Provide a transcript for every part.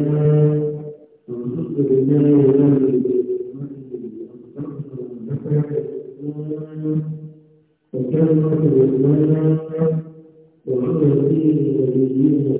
وكان الله وهو الذي يبين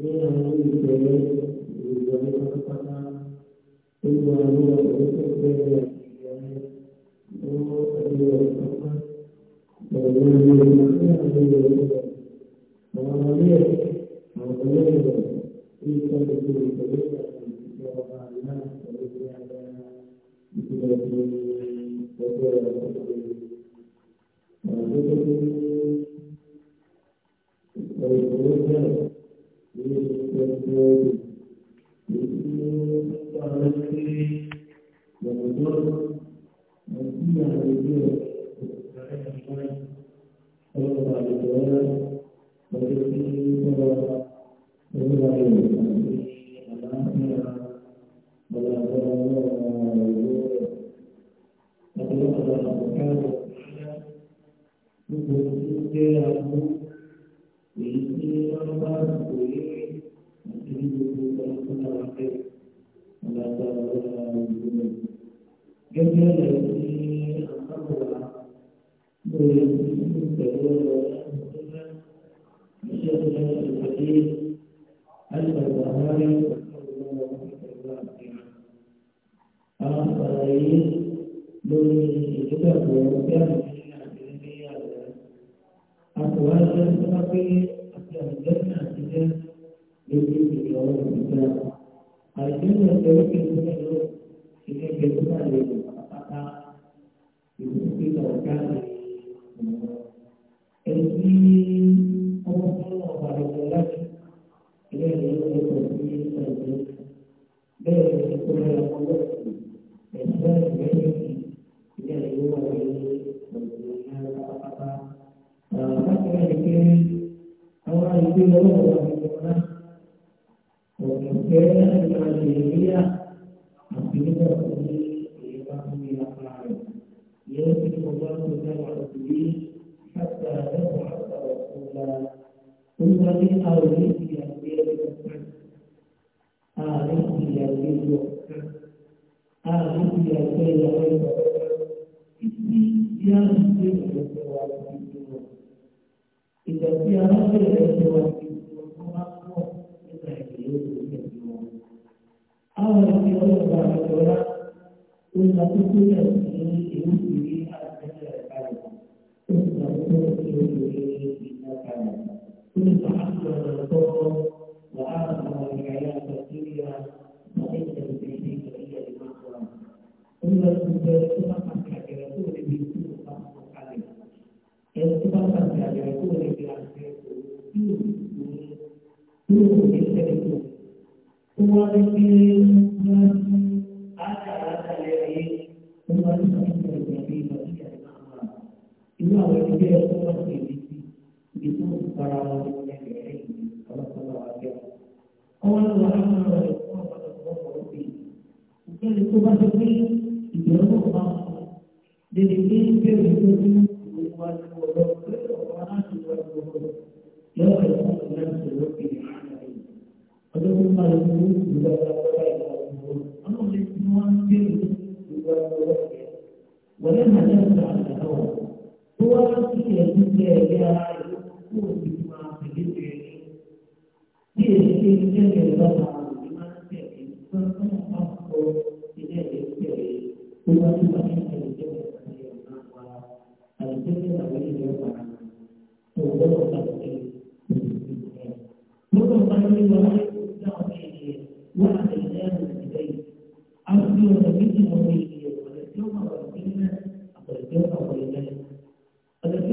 nínú ìpele gẹ́gẹ́ rẹ̀ ní àkàbọ̀wá lórí pẹ̀lú ọ̀rọ̀ iṣẹ́ tó ń ṣèpàdé alùpàdé àwárí pẹ̀lú ọ̀rọ̀ àwọn àlàyé lórí ìdúgbàgbọ́ bí àmì àti ní àlẹ́ àkùwá ṣe ń tọ́ka pé àti àmì náà ti jẹ́ lórí ìdíjọ́ ìgbà àìsí ìrìnàjò ìgbìmọ̀ ìlú ìdíjẹ́ ìgbìmọ̀ àlejò. 没问题 berarti hari ini diambil dokter. Hari ini diambil dokter. Hari ini diambil dokter. Ini yang diambil dokter. Kita siapa yang diambil dokter? Kamu kita yang diambil dokter. Awak siapa yang diambil dokter? Kita tu tu yang Allah yang dia semua ini itu para orang yang ini kalau kalau ada Allah yang mereka pada semua ini mungkin itu masuk ini di dalam jadi ini perlu dibuat untuk orang orang yang berdoa yang berdoa dengan seluruh hati. Adapun kalau kita 谢谢家人们，不平凡的决定，谢谢天主的恩赏。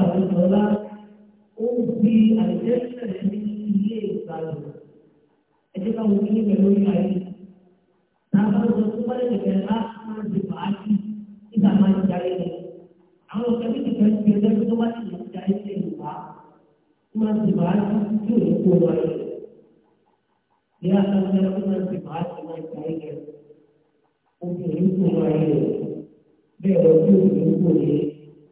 ọba àtọ́lá ó fi àìjẹ́sẹ̀ ní ilé ìgbàlù ẹjẹ́ ká wọ́n kílé pẹ̀lú ìgbà yìí táwọn ọ̀sán tó wáyé kẹ̀kẹ́ bá máa ti fà á sí nígbà máa ti darí lọ àwọn ọ̀sán tó kẹ̀kẹ́ ti kẹ̀kẹ́ tó wáyé kẹ̀kẹ́ ti darí sí ìwà máa ti fà á sí tí ò ní kó wáyé ìyá àtàwọn ọ̀sán máa ti fà á sí máa ti darí kẹ̀kẹ́ obìnrin kó wáyé bẹ́ẹ̀ ọdún òní kó wáyé.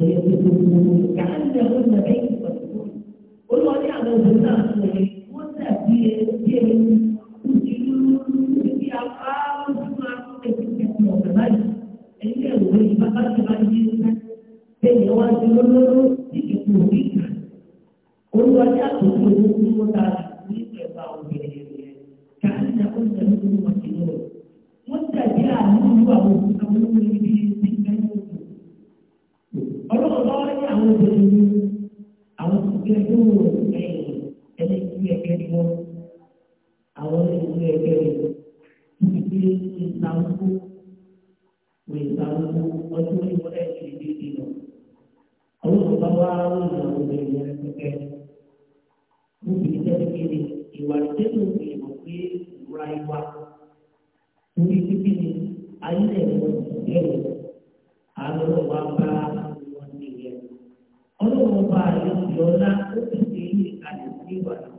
كأنهن بيت مفتوح قلوا لي على الزنا Thank you. àwọn oníṣègùn ẹgbẹ́ rẹ̀ níbi tí ìsàmùkú kò ìsàmùkú ọdún orí wọn ẹ̀ ṣe déédé lọ. àwọn òṣùpá wa ń lọ àwọn ènìyàn ẹgbẹ́ mú bí sẹ́ni kéde ìwà ìṣẹ́nu ìmọ̀ pé ìwúra ìwà níbi tí kéde ayé ẹ̀ lọ sí ẹ̀rọ àwọn ọ̀wá bá wọn nìyẹn. ọlọ́wọ́ bá àyè ìjọ ńlá ó ti ṣe ilé ìkàlẹ̀ sí ìwà náà.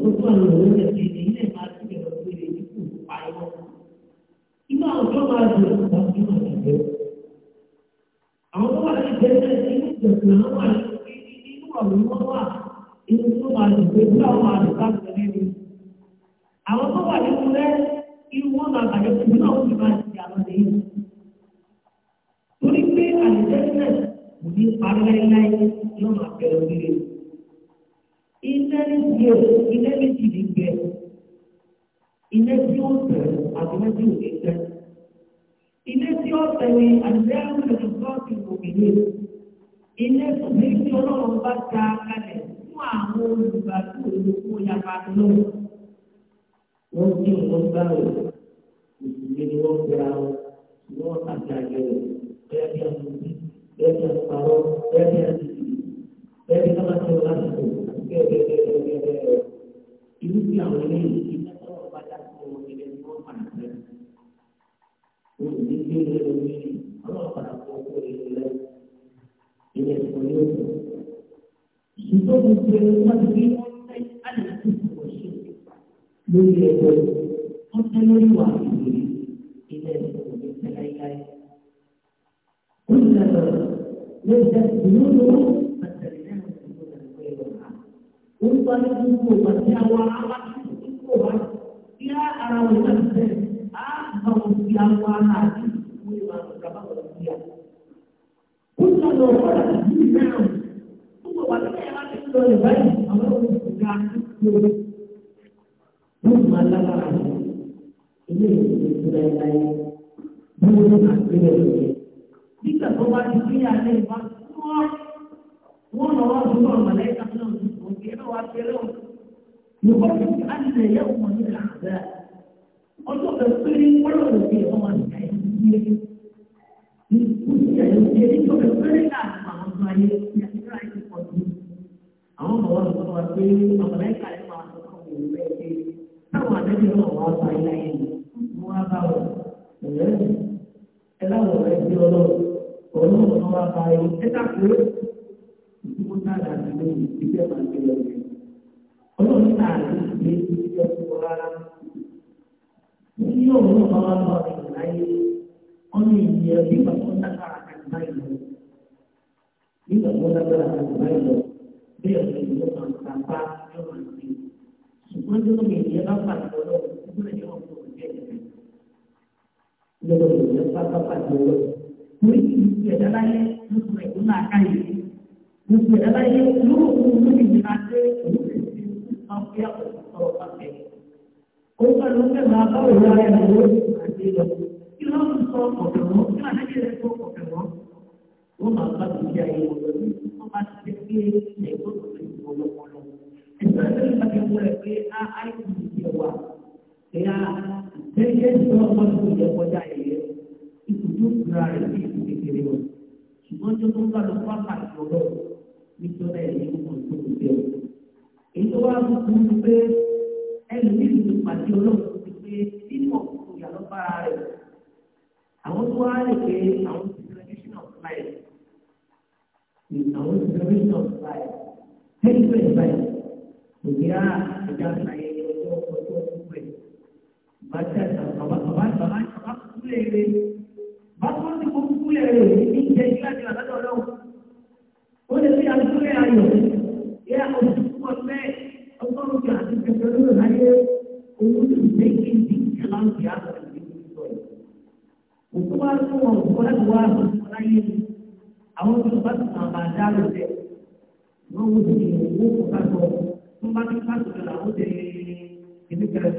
gbogbo àwọn ọ̀rọ̀ rẹ̀ ṣe ní ilé máa ti bẹ̀rẹ̀ pé lè ní kù pariwo. Inú àwùjọ máa di ọ̀pọ̀ ọdún ọ̀dọ̀ jẹ́. Àwọn tó wà ní ìgbésẹ̀ inú ìjọ̀sìn àwọn wà nínú ọ̀rọ̀ wọn wà inú tó máa dùn pé bí àwọn àdùká sọ nínú. Àwọn tó wà nínú rẹ̀ irú wọn máa bàjẹ́ pé náà ó ti máa ti àwọn èyí. Torí pé àdìjẹ́sẹ̀ kò ní parí láíláí yóò máa bẹ̀rẹ̀ ilé méjì o ilé méjì ní gbẹ ilé tí ó tẹ àti ilé tí ò ní tẹ ilé tí ó tẹ ní àti àwọn ènìyàn ti wò mí ní ilé tí tí ọlọ́run bá ta kalẹ̀ fún àwọn olùgbàdúró olùkó yàrá lọ́wọ́ wọ́n ti wọ́n gbà rẹ̀ òṣìṣẹ́ ni wọ́n gbéra wọn ni wọ́n bẹ́ẹ̀ bí a mú bí bẹ́ẹ̀ bí a parọ́ bẹ́ẹ̀ bí a ti bẹ́ẹ̀ bí a máa tẹ̀wọ́ láti bọ̀. ini yang ini kita kalau baca buku ini mau mana kan? Ini ini ini kalau pada buku ini ini semuanya itu mungkin masih online ada sesuatu sih. Mungkin itu online luar ini ini semuanya selesai. Kuliah, lihat dulu M Join my facile hello my friends. Today we say aye-aye Beaumont-Fleyc ethè. Why not please buy her a album— לק Žalipanion xgara ku kòny ai She, for her princess toutes were born in Ev prole. Mías mèела mèle يقول أن يوم من الأحزاب ọjọ́ kan péré wọ́n lè fi ọmọ àgbà yìí yé ní kùsì àyọ̀kẹ́ níjọ́ kan péré láàrin àwọn ọmọ ayé ní àdúrà yìí pọ̀ jù àwọn ọmọ wa sọ wa pé ọmọlá ìka yìí máa sọ fún mi rẹ pé táwọn àdájọ́ náà wà sọ ayé ayé mo wá bá wọ ẹ̀rẹ́ ẹ láwọ̀ rẹ bí ọlọ́run ọlọ́run náà wá bá yọ ẹ dàpọ̀ ìdúgbò náà dàbí 没有没有办法的，哎，我们一定要想办法干出来。一定要想办法干出来，不要说一个厂子干，一个厂子。所以说每年老板都说，不能说不挣钱，那个老板老板就说，对，现在那些都是没文化，干的，现在那些有有有文化的人，都是都是高学历。ọ̀rọ̀ pàṣẹ. Ó ń pẹ̀lú pé máa bá òun ara ẹ̀ lọ àti lọ. Kí ló ń sọ ọ̀dọ̀ wọn? Kí ló ń ṣe sọ ọ̀dọ̀ wọn? Wọ́n máa bá ti ṣe ayé wọn lọ sí. Wọ́n máa ti ṣe pé ẹ̀ tó tó ti wọ lọ́pọlọ. Ẹ̀sọ́ ẹ̀sọ́ ìgbà ti wọ ẹ̀ pé a àìsí ìjẹ wa. Ẹ̀yà jẹ́jẹ́ tí wọ́n mọ̀ ní ìjẹ kọjá ẹ̀yẹ. Ibùdó ìgbà rẹ̀ sí ìlú kékeré wọn. Ṣùgbọ́n tó tó ń bá lọ pápá ìjọ lọ nítorí ẹ̀yìn mọ̀ tó ń bẹ̀rù èyí tó wá tó kú ni pé ẹni ní ìlú pàdé ọlọ́run ti pé nínú ọ̀pọ̀ ìyàlọ́ bára rẹ̀ àwọn tó wá lè pé àwọn ti tradition of life àwọn ti tradition of life tẹ́lifí ẹ̀ báyìí òbí á ẹ̀dá ṣàyẹ ọjọ́ ọjọ́ ọdún ẹ̀ bàtà bàbá bàbá bàbá bàbá kúlẹ̀ rẹ̀ bàbá tó ti kó kúlẹ̀ rẹ̀ ní ìjẹ́ ìgbàdì àlọ́dọ̀ ọlọ́run ó lè fi àdúrà ayọ̀ yẹ àwọn òṣìṣẹ́ pọ̀ bẹ́ẹ̀ ti kẹsẹ̀ lórí láyé owó di ìṣẹ̀láǹtì àgbà ìdí sọ yìí. Òkú wa tó wọn òkú láti wá àbùkù láyé àwọn tó bá ti sàn bá dá lọ bẹ̀. Wọ́n wò ó ní owó kò bá lọ. Wọ́n bá ní pàṣẹ kan àwọn tẹ̀ ẹ̀mí kan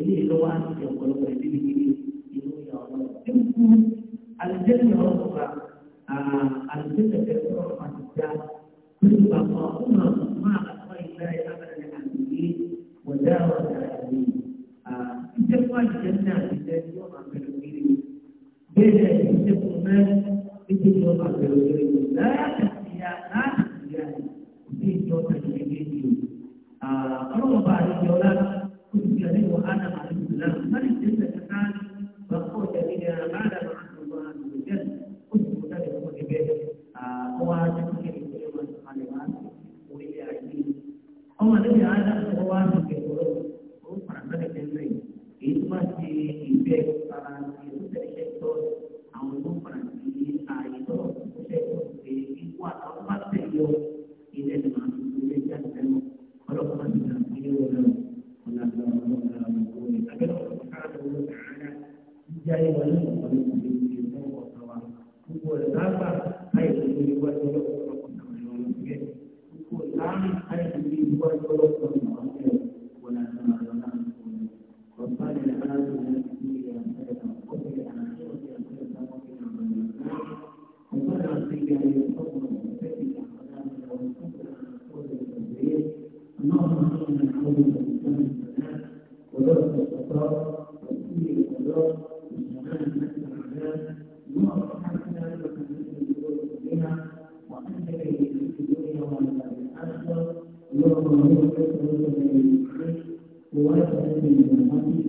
ini doang yang perlu berhenti di sini. Ibu ya Allah. Ibu. Al-Jan ya Allah. Ah, Al-Jan ya Allah. Al-Jan ya Allah. Al-Jan ya Allah. 哦，我的女儿。lo van a tener en el